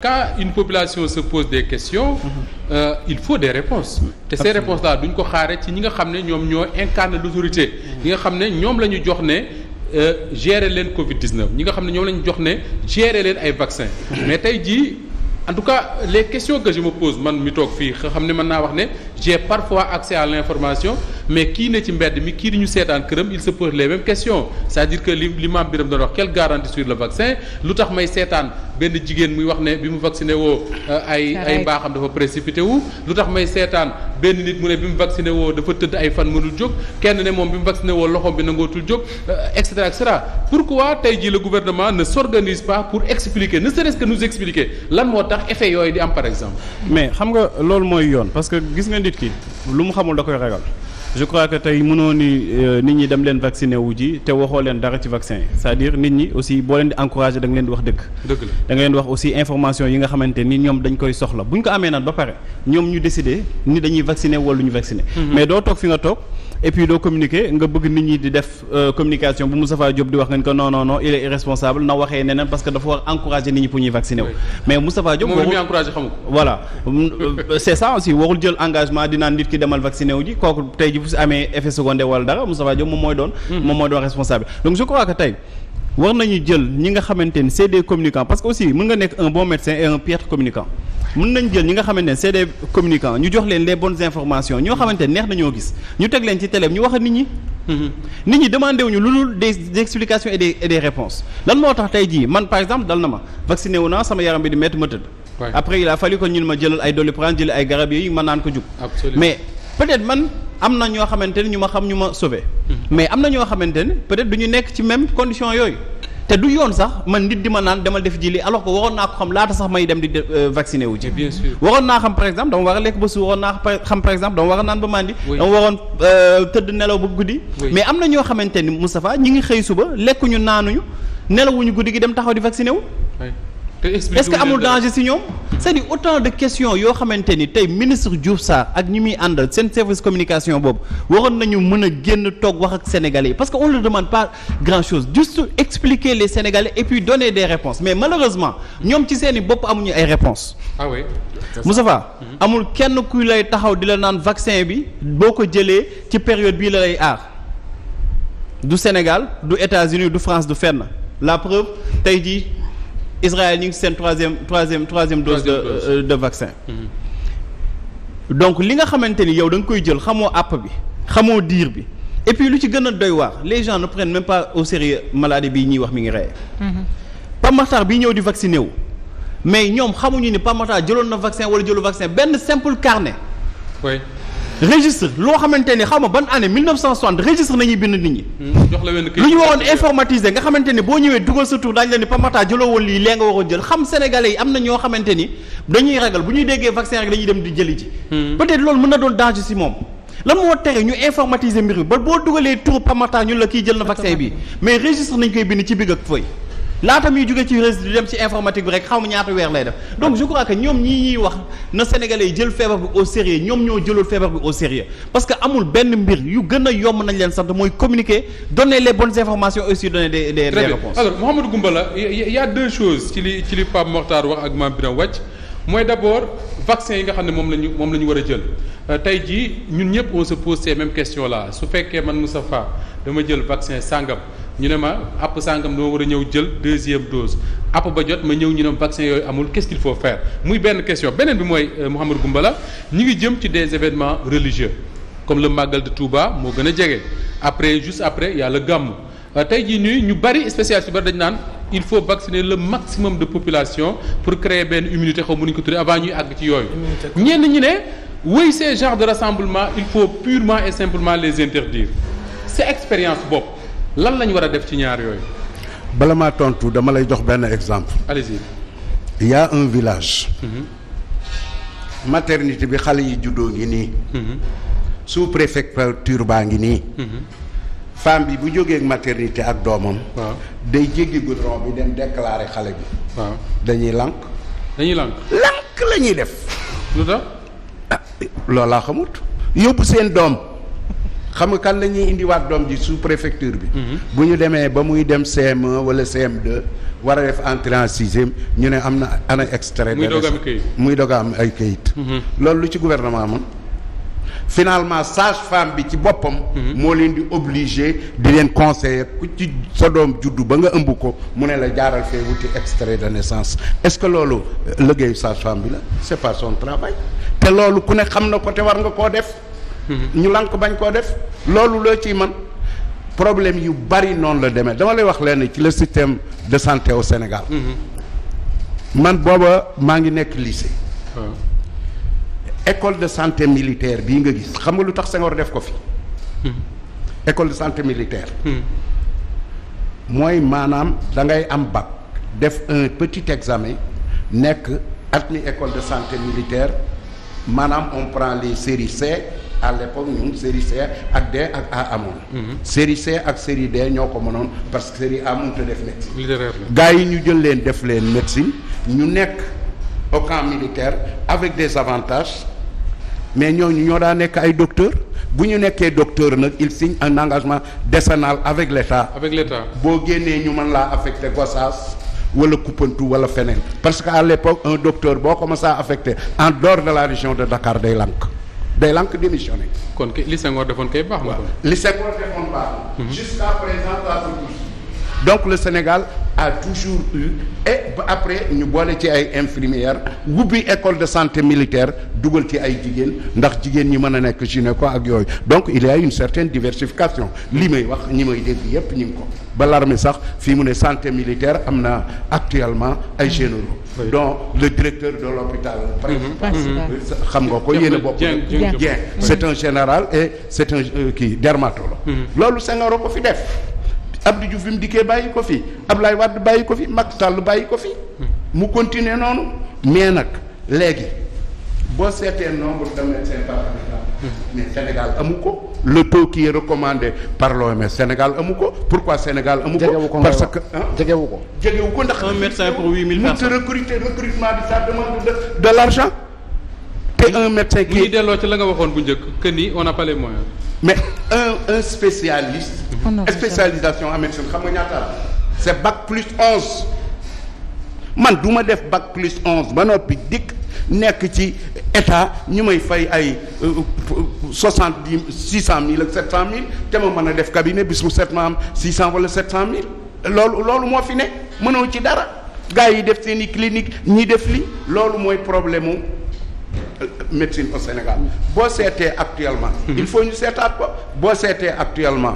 quand une population se pose des questions mhm. euh, il faut des réponses mhm. te ces réponses là duñ ko xaare ci ñi nga xam ne ñoom ñoo incarne l'autorité mhm. ñi nga xam ne ñoom la ñu jox ne euh, gérer leen Covid-19 ñi nga xam ne ñoom la ñu jox ne gérer leen ay vaccin mais tey jii en tout cas les questions que je me pose man mi toog fii xam ne mën naa wax ne j'ai parfois accès à l'information mais kii ne ci mbedd mi kii di ñu seetaan këram il se pose les mêmes questions cest dire que li li maam Biram doon wax quelle garantie sur le lu tax may seetaan benn jigéen muy wax ne bi mu vacciné woo euh, ay mbaaxam dafa précipité wu lu tax may seetaan benn nit mu ne bi mu vacciné woo dafa tëdd ay fan mënul jóg kenn ne moom bi mu vacciné woo loxoom bi nangootul jóg euh, et cetera et cetera pourquoi tey jii le gouvernement ne s'organise pas pour expliquer na serait-ce que nous expliquer lan moo tax effet yooyu di am par exemple mais xam nga loolu mooy yoon parce que gis nga nit ki lu mu xamul da koy ragal je crois que tey mënoo ni euh, nit ñi dem leen vacciner wu ji te waxoo leen dara ci vaccin c'est-à-dire nit ñi aussi boo leen di encourager da leen di wax dëgg. dëgg la da leen di wax aussi information yi nga xamante ni ñoom dañ koy soxla bu ñu ko amee naan ba pare ñoom ñu décider ni dañuy vacciner wala ñu vacciner. Mm-hmm. mais doo toog fi nga toog. et puis doo communiquer nga bëgg nit ñi di def euh, communication bu Moustapha Diop di wax nga ni ko non non non il est na waxee neneen parce que dafa war encourager nit ñi pour ñuy vacciner wu. Euh, c'est ça aussi warul jël engagement di naan nit ki demal vacciner wu ji kooku tey ji bu si amee effet secondaire wala dara Moustapha Diop moom mooy doon. Mhm. moom mooy doon responsable donc je crois que tey. war nañu jël ñi nga xamante ni c'est des parce que aussi mën nga mun nañ jël ñi nga xamante ne c'est ñu jox leen les bonnes informations ñoo xamante ne neex nañoo gis ñu teg leen ci télé ñu wax a nit ñi. Mm-hmm. nit ñi demandé wuñu lu dul des des explications et des et des moo tax tey jii man par exemple dal na ma vacciné wu naa sama yaram bi di métti ma tëdd. après il a fallu que ñun ma jëlal ay doliprane jël ay garab yooyu mën naan ko jug. mais peut-être man am na ñoo xamante ne ñu ma xam ñu ma sauvé. Mm-hmm. mais am na ñoo xamante ne peut-être du ñu nekk ci même condition yooyu. te du yoon sax man nit di ma naan demal def ji li alors ko waroon naa ko xam laata sax may dem di euh, vacciner wu ji. bien sûr naa xam par exemple dama war a lekk ba suur waroon naa xam par exemple dama war a naan ba màndi. dama waroon euh, tëdd nelaw ba guddi. mais am na ñoo xamante ni Moustapha ñi ngi xëy suba ñu lekkuñu naanuñu nelawuñu guddi gi dem taxaw di vacciner wu. est-ce que amul danger si ñoom cest à de question yoo xamante ni tey ministre Diouf Sarr ak ñi muy àndal seen service communication boobu waroon nañu mën a génn toog wax ak sénégalais parce que on ne demande pas grand chose juste expliquer les sénégalais et puis donner des réponses mais malheureusement ñoom ci seeni i bopp amuñu ay réponses ah oui mhm. amul kenn kuy lay taxaw di la naan vaccin bi boo ko jëlee ci période bii la lay aar du Sénégal du États-Unis du France du fenn la preuve tey jii Israël ñu ngi seen troisième troisième troisième dose de euh, de vaccin mm-hmm. donc li nga xamante ni yow danga koy jël xamoo àpp bi xamoo diir bi et lu ci gën a doy waar les gens ne prennent pas au maladie bii ñuy wax mi ngi reye mm-hmm. Pape bi bii ñëw di vacciné wu mais ñoom xamuñu ni Pape Makhtar jëloon na vaccin wala jëlu vaccin benn simple carnet registre loo xamante ne xaw ma ban année 1960 registre nañuy bind nit ñi. Hmm, jox la wenn kayit lu ñu waroon informatiser nga xamante ni boo ñëwee dugal sa tur daañu la ni Pamata jëloo woon lii lee nga waroon jël xam sénégalais yi am na ñoo xamante ni dañuy ragal bu ñuy déggee vaccin rek dañuy dem di jëli ji. Hmm. peut-être loolu mën na doon danger ci moom. lan moo tere ñu informatiser mbir mi ba boo dugalee tur Pamata ñun la kiy jël na vaccin bi mais registre nañ koy bind ci bigg ak laata muy jóge ci réseau di dem ci informatique bi rek xaw ma ñaata weer lay def donc je crois que ñoom ñii ñuy wax na sénégalais yi jël feebar bi au ñoom ñoo jëlul feebar bi au sérieux parce que amul benn mbir yu gën a yomb nañ leen sant mooy communiquer donner les bonnes informations aussi donner des des des réponses alors Mouhamadou Goumbala a deux choses ci li ci li Pape Mokhtar wax ak Mame Birame mooy d'abord vaccin yi nga xam ne moom la ñu moom la ñu war a jël euh, tey jii ñun ñëpp on se pose ces mêmes questions là su fekkee man Moustapha dama jël vaccin sàngam ñu ne ma app sàngam dama war a ñëw jël deuxième dose app ba jot ma ñëw ñu ne vaccin yooyu amul qu'est-ce qu'il faut faire muy benn question beneen bi mooy euh, Mouhamadou la ñu ngi jëm ci des événements religieux comme le Magal de Touba moo gën a jege après juste après yàlla a le Gàmmu euh, tey jii ñuy ñu bari spécialiste ba dañ naan il faut vacciner le maximum de population pour créer benn immunité xaw ma nu ñu ko tuddee avant ñuy àgg ci yooyu. ñenn ñi ne oui ces genres de rassemblement il faut purement et simplement les interdire. c'est expérience bopp. lan lañ war a def ci ñaar yooyu. bala maa tontu dama lay jox benn exemple. allez-y. un village. Mmh. maternité bi xale yi juddoo ngi nii. Mhm. sous préfecture baa ngi nii. Mhm. femme bi bu jógee maternité ak doomam. day jéggi goudron bi dem déclarer xale bi. dañuy lànk. dañuy lànk lànk ñuy def. lu tax. Ah, xamut yóbbu seen doom. xam nga kan la indiwaat doom ji sous préfecture bi. Mhm. bu ñu demee ba muy dem CM1 wala cm war a def entrée en sixième ñu ne am na ana extrait. muy doog muy doog ay kayit. Mhm. loolu lu ci gouvernement moom. finalement sage-femme bi ci boppam. Mhm. moo leen di obligé di leen conseiller ku ci sa doom juddu ba nga ëmb ko mu ne la jaaral fee wuti extrait de naissance est-ce que loolu euh, liggéeyu sage-femme bi la c'est pas son travail te loolu ku ne xam na ko te war nga koo def. ñu lànk bañ koo def loolu loo ci man problème yu bari noonu la demee dama lay wax leen ci la système de santé au Sénégal mm-hmm. man booba maa ngi nekk lycée ah. école de santé militaire bii nga gis xam nga lu tax Senghor def ko fi mm-hmm. école de santé militaire mm-hmm. mooy maanaam dangay am bac def un petit examen nekk admis école de santé militaire maanaam on prend les séries C à l'époque ñun série ak D ak A amoon. Mhm. série ak série D ñoo ko mënoon parce que série A mënut a def médecine. littéraire gars yi ñu jël leen def leen médecine ñu nekk au militaire avec des avantages mais ñooñu ñoo daa nekk ay docteur bu ñu nekkee docteur nag il signe un engagement décennal avec l'État. avec l'État boo génnee ñu man laa affecté Gossas. wala Koupentou wala feneen parce que à l'époque un docteur boo ko mas a affecté en dor de la région de Dakar day lank day lànk démissionné. kon kay li Senghor defoon kay baax na. waaw li Senghor defoon baax na. Mhm. jusqu'à présent donc le Sénégal a toujours eu après ñu boole ci ay infirmières wubbi école de santé militaire dugal ci ay jigéen ndax jigéen ñi mën a nekk ko ak yooyu donc il y une certaine diversification li may wax ñi may dégg yépp ñu ngi ko ba l'armée sax fii mu ne santé militaire am na actuellement ay généraux dont le directeur de l'hôpital xam nga ko yéen a bokk bien c'est un général et c'est un euh, kii dermatologue mm-hmm. loolu Senghor a ko fi def Abdou Diouf bi mu dikkee bàyyi ko fi Ablaye Wade bàyyi ko fi Macky Sall bàyyi ko fi. mu continuer noonu mais nag léegi boo seetee nombre de Sénégal amu ko le taux qui est recommandé par l'OMS Sénégal amu ko pourquoi Sénégal amu ko parce que jegewu ko jegewu ko ndax un médecin pour huit mille personnes mu recruter recrutement bi ça de de l'argent te un médecin qui delloo ci la nga waxoon bu njëkk que ni on n'a pas les moyens. mais un un spécialiste. Oh spécialisation en médecine xam nga ñaata la. c'est bac plus onze. man duma def bac plus onze ba noppi dikk nekk ci état ñu may fay ay euh, soixante di six cent mille ak sept cent mille te ma mën a def cabinet bis bu set ma am six cent wala sept cent mille loolu loolu moo fi ne mënoo ci dara gars yi def seen i clinique ñi def li loolu mooy problème mu. Euh, médecine au Sénégal boo seetee actuellement il faut ñu seetaat ko boo seetee actuellement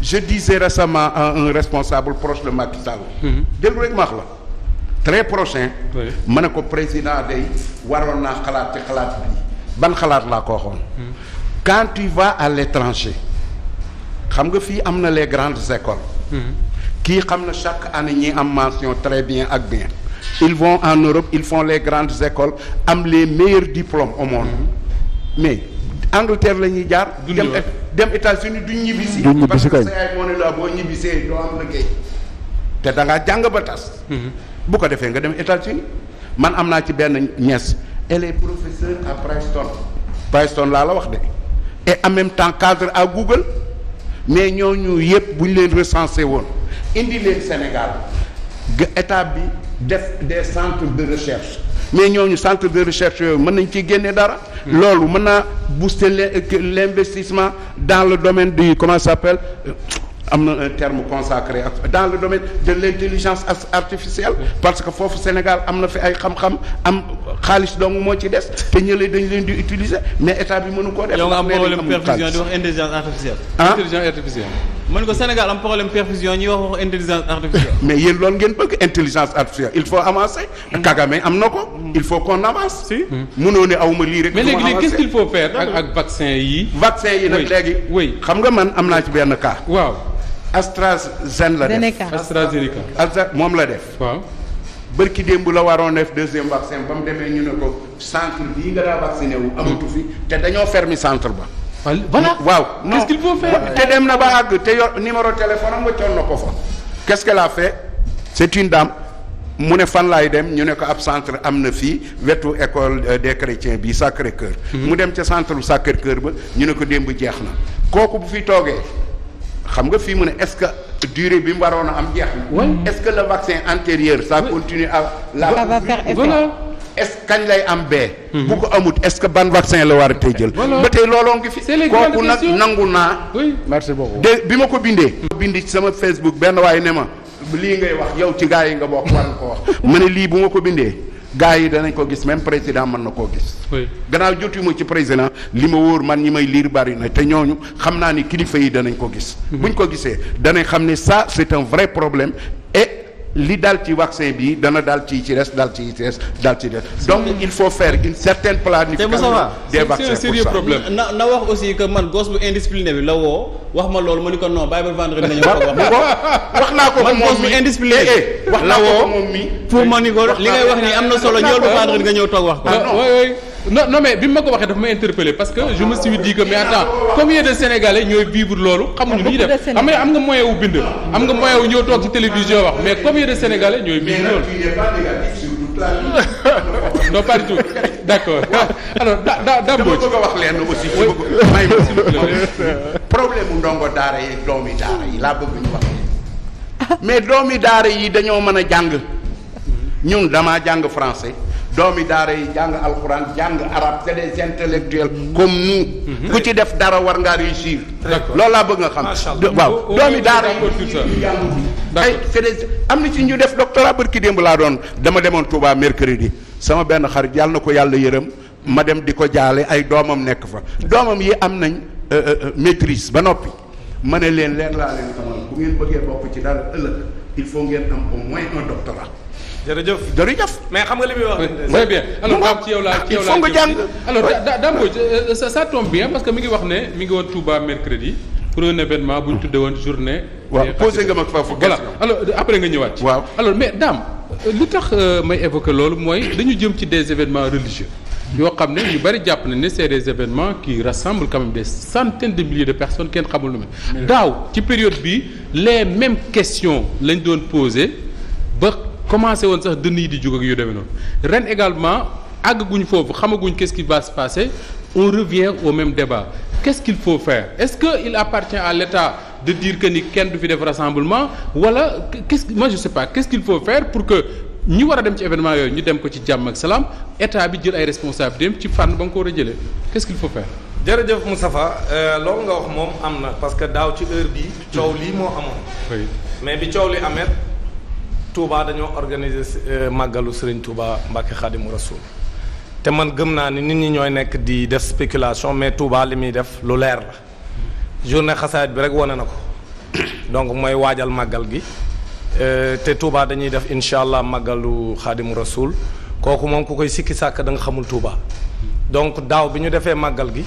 je disais récemment à un responsable proche de Macky Sall mm-hmm. déglu la très prochain ma ne ko président de waroon naa xalaat ci xalaat bi ban xalaat laa ko waxoon mm-hmm. quand tu vas à l'étranger xam nga fii am na les grandes écoles mm-hmm. kii xam na chaque année ñi am mention très bien ak bien ils vont en Europe ils font les grandes écoles am les meilleurs diplômes au monde mhm. mais Angleterre la ñuy jaar. dem dem états du duñ ñibbisi. parce que sa yaay moo ne la boo ñibbisee doo am liggéey te da ngaa jàng ba tas. Mhm. bu ko defee nga dem États-Unis man am naa ci benn ñes elle est professeure à Princeton. Princeton laa la wax de. et en même temps cadre à Google mais ñooñu yëpp bu ñu leen recensé woon indi leen Sénégal état bi. def des centre de recherche mais ñooñu centre de recherche yooyu mën nañ ci génne dara loolu mën naa booster l'investissement dans le domaine du comment ça euh, am na un terme consacré dans le domaine de l'intelligence artificielle parce que foofu Sénégal am na fi ay xam-xam am xaalis dong moo ci des te ñële dañ leen di utiliser mais état bi mënu koo def yow nga am problème perfusion di wax intelligence artificielle ah? mën ko Sénégal am problème perfusion ñuy wax wax intelligence artificielle. mais yéen loolu ngeen bëgg intelligence artificielle il faut avancer. Mm. Kagame am na ko. Mm. il faut qu'on avance. si mm. mënoo ne aw ma lii rek. mais léegi léegi qu'est-ce qu'il faut faire ak ak vaccin yi. nag léegi. oui xam nga man am naa ci benn cas. waaw AstraZeneca la def AstraZeneca. Astra moom la def. waaw. bërki démb la waroon def deuxième vaccin ba mu demee ñu ne ko centre bii nga daa vacciné wu. amatu fi te dañoo fermer centre ba. voilà waaw qu'est-ce te dem na ba àgg te yor numéro téléphone am wëccoon na ko fa qu'est-ce qu'elle a une dame mu ne fan laay dem ñu ne ko ab centre am na fii wetu école euh, des chrétiens bi Sacré-Cœur mhm. mu dem ca centre Sacré-Cœur ba ñu ne ko démb jeex na kooku bu fi toogee xam nga fii mu ne est-ce que durée bi mu waroon a am jeex na est-ce que le vaccin antérieur ça continue à la va faire est kañ lay am bee mhm. bu ko amut est-ce que ban vaccin la war a tey jël ba tey looloo ngi fi kooku nag nangu naa merci beaucoup de bi ma ko bindee bindi sama Facebook benn waaye ne ma lii ngay wax yow ci gaa yi nga bokk war nga ko wax ma ne lii bu ma ko bindee gaa yi danañ ko gis même président mën na koo gis gannaaw jotuma ci président li ma wóor man ñi may liir bari na te ñooñu xam naa ni kilifa yi danañ ko gis mhm. buñ ko gisee danañ xam ne saa c'est un vrai problème et li dal ci vaccin bi dana dal ci ci des dal ci ci des dal donc il faut faire une certaine planification des pour ça problème na na wax aussi que man gosse bu indiscipliné bi la woo wax ma loolu ma ni ko non bàyyi ba vendredi nañu ko wax naa ko man gosse bu indiscipliné eh, eh, wax naa ko moom mi pour ma ni ko li ngay wax ni am na solo ñëwal ba vendredi nga ñëw toog wax ko ah, non non mais bi ma ko waxee dafa ma interpellé parce que je me suis dit que mais attends combien de sénégalais ñooy vivre loolu. xamuñu ni ñuy def xam nga am nga moyen wu bind. am nga moyen wu ñëw toog ci télévision wax mais combien de sénégalais ñooy vivre loolu. non pas d'accord alors da da da bëgg a wax leen aussi may problème mu ndongo daara yi doomi daara yi laa bëgg ñu wax mais doomi daara yi dañoo mën a jàng ñun damaa jàng français doomi daara yi jàng alxuraan jàng arabe c'est des intellectuels comme nous. Mhm. ku ci def dara war ngaa réussir. loolu laa bëgg nga xam. waaw doomi daara yi jàng ay c'est am na ci ñu def doctorat barki démb laa doon dama demoon Touba mercredi sama benn xar yàlla na ko yàlla yërëm ma dem di ko jaale ay doomam nekk fa doomam yi am nañ euh, euh, euh, maîtrise ba noppi ma ne leen leen laa leen xamal bu ngeen bëggee bokk ci dara ëllëg il faut ngeen am au moins un doctorat. jërëjëf jërëjëf. mais xam nga li muy wax. très bien alors Dame ci yow laa ci yow laa nga jàng alors Dame Mbodj euh, ça ça tombe bien parce que mi ngi wax ne mi ngi woon Touba mercredi pour un événement bu ñu tuddee woon journée. waaw posé nga ma foofu voilà alors après nga ñëwaat. ci waaw alors mais Dame euh, li tax euh, may évoquer loolu mooy dañu jëm ci des événements religieux. yoo xam ne ñu bari jàpp nañ ne c'est des événements qui rassemblent quand même des centaines de milliers de personnes kenn xamul lu mel. daaw ci période bi les mêmes questions lañ doon posé commencé woon sax dënn yi di jug ak yu demee noonu ren également àgguñ foofu xamaguñ qu'est-ce qui va se passer on revient au même débat qu'est-ce qu'il faut faire est-ce que il appartient à l'État de dire que ni kenn du fi def rassemblement wala qu'est-ce moi je sais pas qu'est-ce qu'il pour que ñi war a dem ci événement yooyu ñu dem ko ci jàmm ak salaam état bi jël ay responsabilités dem ci fànn ba nga ko war a jëlee qu'est-ce qu'il faut faire. jërëjëf Moustapha euh, loolu nga wax am na parce que daaw ci heure bi coow lii moo amoon. mais bi coow li amee. Touba dañoo organiser euh, màggalu Serigne Touba Mbacke Khadimu Rasoul te man gëm naa ni nit ñi ñooy nekk di def spéculation mais Touba li muy def lu leer la journée xasaayit bi rek wane na ko donc mooy waajal màggal gi euh, te Touba dañuy def incha allah màggalu Khadimu Rasoul kooku moom ku koy sikki sàkk da nga xamul Touba donc daaw bi ñu defee màggal gi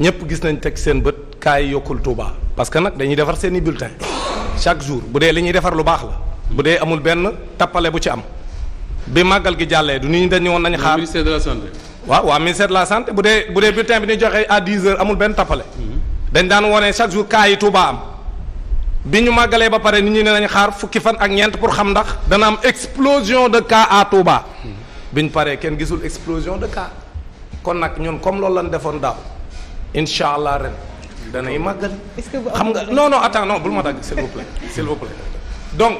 ñëpp gis nañ teg seen bët kaay yokkul Touba parce que nag dañuy defar seeni i bulletin chaque jour bu dee li ñuy defar lu baax la. bu dee amul benn tappale bu ci am bi màggal gi jàllee du nit ñi dañu woon nañu xaar ministère de la waaw waaw ministère de la santé bu dee bu dee bulletin bi ñuy joxe à 10 heures amul benn tappale. Mhm. dañ daan wone chaque jour cas yi Touba am bi ñu màggalee ba pare nit ñi ne nañu xaar fukki fan ak ñeent pour xam ndax dana am explosion de a à Touba. Mhm. bi ñu paree kenn gisul explosion de cas. kon nag ñoom comme loolu lañ defoon daaw incha allah ren danay màggal. xam nga non non attends non bul ma dagg s'il vous plaît s'il vous plaît donc.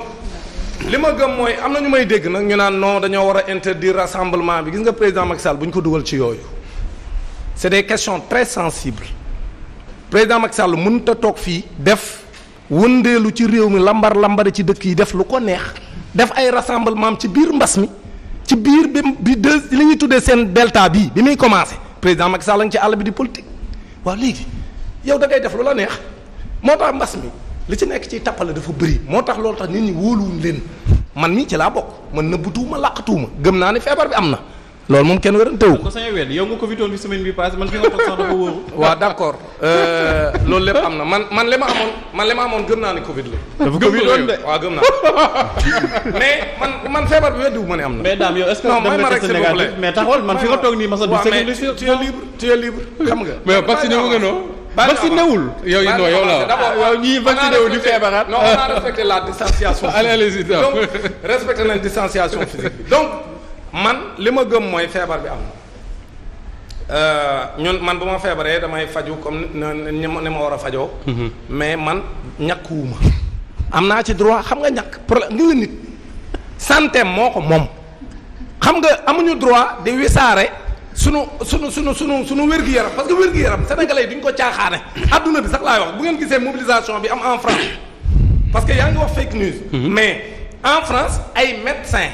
li ma gëm mooy am na ñu may dégg nag ñu naan non dañoo war a interdire rassemblement bi gis nga président Macky Sall bu ñu ko dugal ci yooyu c'est des questions très sensibles président Macky Sall mënut a toog fii def wëndeelu ci réew mi lambar lambari ci dëkk yi def lu ko neex def ay rassemblement ci biir mbas mi ci biir bi bi deux li ñuy tuddee seen delta bi bi muy commencé président Macky Sall a ci àll bi di politique waaw léegi yow da ngay def lu la neex moo tax mbas li ci nekk ci tappale dafa bëri moo tax loolu tax nit ñi wóoluwuñ leen man mi ci laa bokk man nëbbatuwuma làqatuwuma gëm naa ne feebar bi am na loolu moom kenn wërante wu ko sañ wedd yow nga ko fi doon fi semaine euh, man man man li ma amoon gëm naa ne covid la dafa covid gëm naa mais man feebar bi weddi wu ma ne am na mais daam nga libre tu libre xam nga mais vacciné wu nga noo vacciné wul yow non yow la yow ñuy vacciné wu di feebaraat ah. non la distanciation allez-y donc respecté nañ distanciation man li ma gëm mooy feebar bi am na euh, ñun man bu ma feebaree damay faju comme ne ma war a fajoo mhm. mais man ñàkkuwuma am naa ci droit xam nga ñàkk problème nga nit santé moo ko moom xam nga amuñu droit di wisaare sunu sunu sunu sunu sunu wér-gu-yaram parce que wér-gu-yaram sénégalais yi duñ ko caaxaane adduna bi sax laay wax bu ngeen gisee mobilisation bi am en France parce que yaa ngi wax fake news mhm. mais en France ay médecins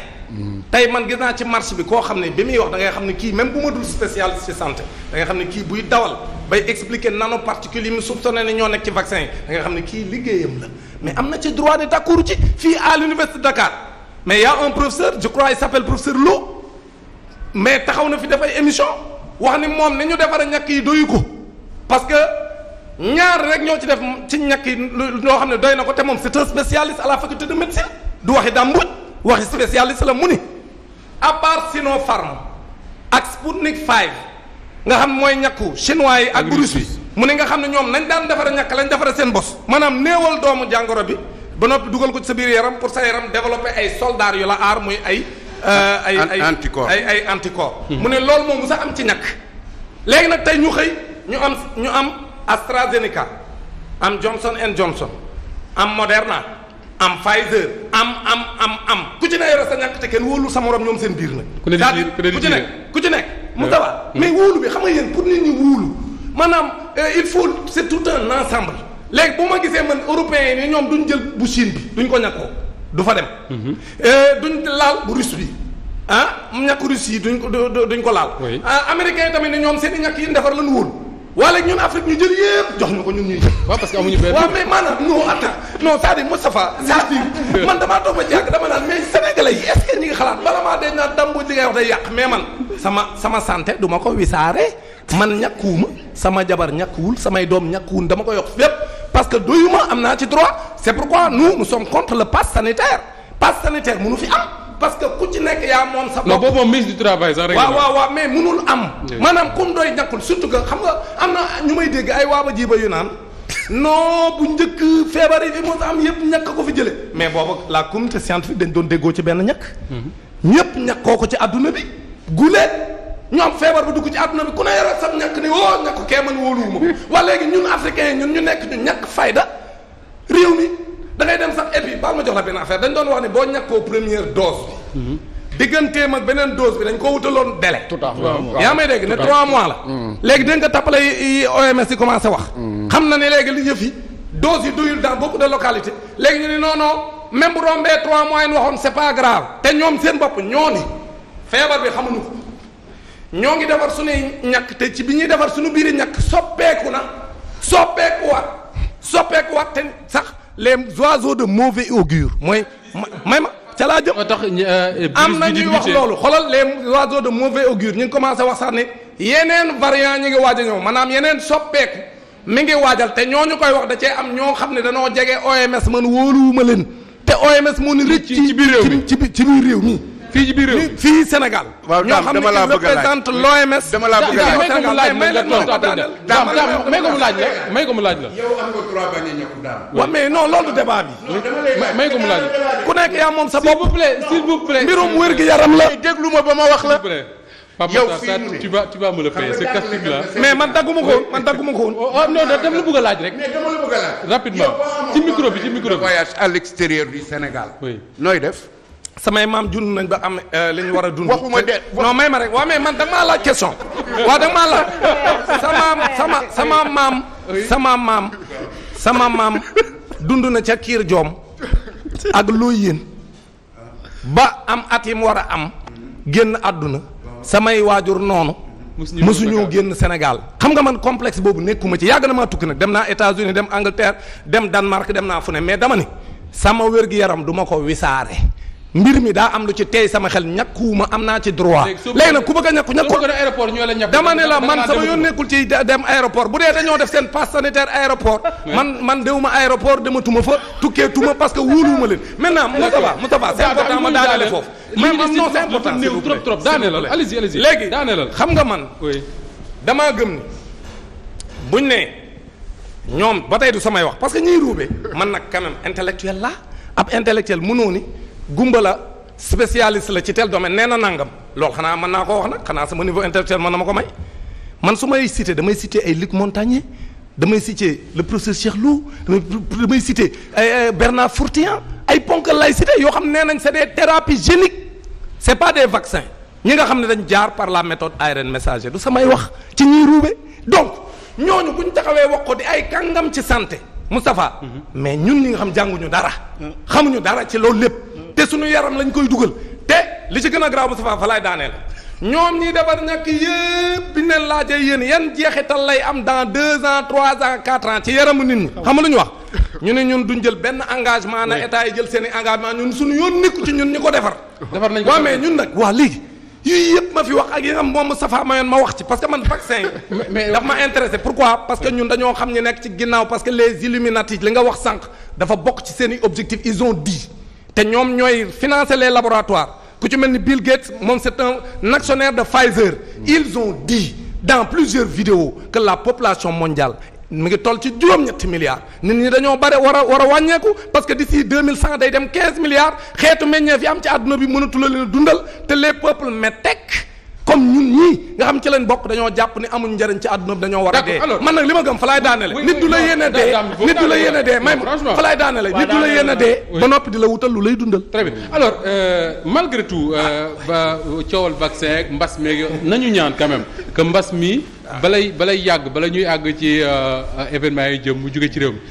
tey man gis naa ci marche bi koo xam ne bi muy wax da ngay xam ne kii même bu ma dul spécialiste ci santé nga xam ne kii buy dawal bay expliquer nanoparticules yi mu soupçonné ne ñoo nekk ci vaccin yi da nga xam ne kii liggéeyam la mais am na ci droit de fii à l'université de mais a un professeur je crois il s'appelle Lo mais taxaw na fi def émission wax ni moom ni ñu defaree ñàkk yi doyu ko parce que ñaar rek ñoo ci def ci ñàkk yi loo xam ne doy na ko te moom c'est un spécialiste à la faculté de médecine du waxi dàmbuj waxi spécialiste la mu ni à part Sinopharm ak Sputnik 5 nga xam mooy ñàkku chinois yi ak russe bi mu ne nga xam ne ñoom nañ daan defare ñàkk lañ defare seen bos maanaam néewal doomu jàngoro bi ba noppi dugal ko ci sa biir yaram pour sa yaram développer ay soldats yu la aar muy ay Euh, ay ay anticorps ay ay anticorps mu ne loolu moom mu sax am ci ñàkk léegi nag tey ñu xëy ñu am ñu am AstraZeneca am Johnson and Johnson am Moderna am Pfizer am am am am ku ci ne yore sa ñàkk te kenn wóolu sama morom ñoom seen biir nag. ku ne ku ci nekk ci nekk mu tawa mais wóolu bi xam nga yéen pour nit ñi wóolu maanaam euh, il faut c'est tout un ensemble léegi boo ma gisee man européens yi ñoom du ñu jël bu siin bi duñ ko ñàkkoo. du fa dem. Eh, duñ laal russe bi ah ñàkk russe yi duñ ko duñ ko laal. ah américains yi tamit ni ñoom seen i ñàkk yi defar lañu woon. wala ñun Afrique ñu jël yëpp jox ñu ko ñun ñuy jël. waaw parce que amuñu benn waaw mais maanaam non attends non cest man damaa toog ba jàkk dama naan mais sénégalais yi est ñi ngi xalaat bala maa dee naan dambu li ngay wax day yàq mais man sama sama santé du ko wisaare man ñàkkuwuma sama jabar ñàkkuwul samay doom ñàkkuwul dama ko yokk fépp parce que doyuma am naa ci droit c'est pourquoi nous nous sommes contre le pass sanitaire pass sanitaire mënu fi am parce que ku ci nekk yaa moom sa bopp. non mais mënul am. maanaam ku doy ñàkkul surtout que xam nga am na ñu may dégg ay waaba jiiba yu naan. non bu njëkk feebar yi fi moo am yëpp ñàkk ko fi jële mais boobu la communauté scientifique dañ doon déggoo ci benn ñàkk. Mhm. ñëpp ñàkkoo ko ci àdduna bi gulee. ñoom feebar bu dugg ci àdduna bi ku ne yore sam ñàkk ni woo ñàkk ko kee man wóoluwuma ko waa léegi ñun africains yi ñun ñu nekk ñu ñàkk fayda réew mi da dem sax et puis baal ma jox la benn affaire dañ doon wax ne boo ñàkkoo première dose bi mhm. digganteem ak beneen dose bi dañ koo wutaloon délai tout à fait yaa may dégg ne trois mois la mhm. léegi dégg nga tappale yi OMS yi commencé wax mhm. xam na ne léegi li yëf yi dose yi doyul dans beaucoup de localités léegi ñu ne non non même bu rombee trois mois yi waxoon c'est pas grave te ñoom seen bopp ñoo ni feebar bi xamuñu ko ñoo ngi defar suñuy ñàkk te ci bi ñuy defar suñu biir ñàkk soppeeku na soppeekuwaat soppeekuwaat te sax les oiseaux de mauvais augure mooy may ma ca laa jëm euh, am na ñuy wax loolu xoolal les oiseaux de mauvais augure ñu ngi commencé wax sax ne yeneen variant ñi ngi waaj a ñëw maanaam yeneen soppeeku mi ngi waajal te ñoo ñu koy wax da cee am ñoo xam ne dañoo jege OMS man wóoluwuma leen te OMS moo ni rëcc ci biir réew mi ci biir réew mi fii ci biir réew mi fii Sénégal. waaw daam dama bëgg a laaj ñoo xam ne représente l'OMS. a laa a may ko mu laaj la may ko mu laaj la. yow am nga droit a ñëpp daam. waaw mais non loolu débat bi. may ko mu laaj ku nekk yaa moom sa bopp. s'il mbirum wér gi yaram la. ma ba ma wax la. yow fii mu ne tu vas tu mais man dagguma ko woon man dagguma ko woon. oh non dama la bëgg a laaj rek. mais dama la bëgg a laaj. ci micro bi ci micro bi. voyage du Sénégal. nooy def. samay maam dund nañ ba am euh, li ñu war a dund. waxuma may ma rek waaw mais man da nga maa laaj question. waaw da nga maa sama maam. sama maam sama maam dund na ca kiir joom ak loo yéen ba am at yi mu war a am génn àdduna samay waajur noonu. mësuñoo génn Sénégal xam nga man complexe boobu nekkuma ci yàgg na maa tukki nag dem naa États-Unis dem Angleterre dem Danemark dem naa fu ne mais dama ni sama wér-gi-yaram du ma ko wisaare. mbir mi daa am lu ci tey sama xel ñàkkuwuma am naa ci droit léegi nag ku bëgg a ñàkku ñàkku dama ne la man sama yoon nekkul ci dem aéroport bu dee dañoo def seen passe sanitaire aéroport man man déwuma aéroport dama tuma fa tukkee tuma parce que wóoluwuma leen maintenant Moustapha Moustapha c'est important ma daanele foofu mais man non c'est important s'il vous plaît trop trop daanelal allez-y allez-y léegi daanelal xam nga man damaa gëm ni buñ ne ñoom ba tey du samay wax parce que ñiy ruube man nag quand même intellectuel la ab intellectuel mënoo ni gumba la spécialiste la ci tel domaine nee na nangam lool xanaa mën naa ko wax nag xanaa sama niveau intellectuel mën na ma ko may man su may cité damay cité ay Luc Montagnier damay cité le professeur Cheikh Lô damay cité Fourtian ay ponk lay cité yoo xam nee nañ c'est des thérapies géniques c'est pas des vaccins ñi nga xam ne dañ jaar par la méthode ARN messager du samay wax ci ñuy ruube donc ñooñu bu ñu taxawee wax ko di ay kàngam ci santé Moustapha mhm. mais ñun ñi nga xam jànguñu dara mm. xamuñu dara ci loolu lépp mm. te suñu yaram lañ koy dugal te li ci gën a graaw Moustapha fa laay daaneel ñoom ñi defar ñàkk yëpp bi ñu leen laajee yéen yan jeexital lay am dans deux ans trois ans quatre ans ci yaramu nit ñi xam lu ñu wax ñu ne ñun duñ jël benn engagement na état yi jël seen i engagement ñun suñu yoon nekku ci ñun ñu ko defar defar nañ ko waaw mais ñun nag waa léegi yii yëpp ma fi wax ak yi nga moom Moustapha Mayone ma wax ci parce que man vaccin yi daf ma intéressé pourquoi parce que ñun dañoo xam ñu nekk ci ginnaaw parce que les Illuminati li nga wax sànq dafa bokk ci seen i objectif ils te ñoom ñooy financer les laboratoires ku ci mel ni Bill Gates moom c'est un actionnaire de Pfizer ils ont dit dans plusieurs vidéos que la population mondiale mu ngi toll ci juróom-ñetti milliards nit ñi dañoo bare war war a wàññeeku parce que d'ici deux mille cent day dem quinze milliards xeetu meññee yi am ci àdduna bi mënatula leen dundal te les peuples mais tekk comme ñun ñii nga xam ci lañ bokk dañoo jàpp ni amuñ njariñ ci àdduna bi dañoo war a dee man nag li ma gëm fa laay daane la nit du la yéene dee nit du la yéene dee may ma fa laay daane la nit du la yéene dee ba noppi di la wutal lu lay dundal très bien alors euh, malgré tout euh, ah. ba euh, coowal vaccin ak mbas meeg nañu ñaan quand même que mbas mi ah. balay balay yàgg bala ñuy àgg ci événement yi jëm mu jóge ci réew mi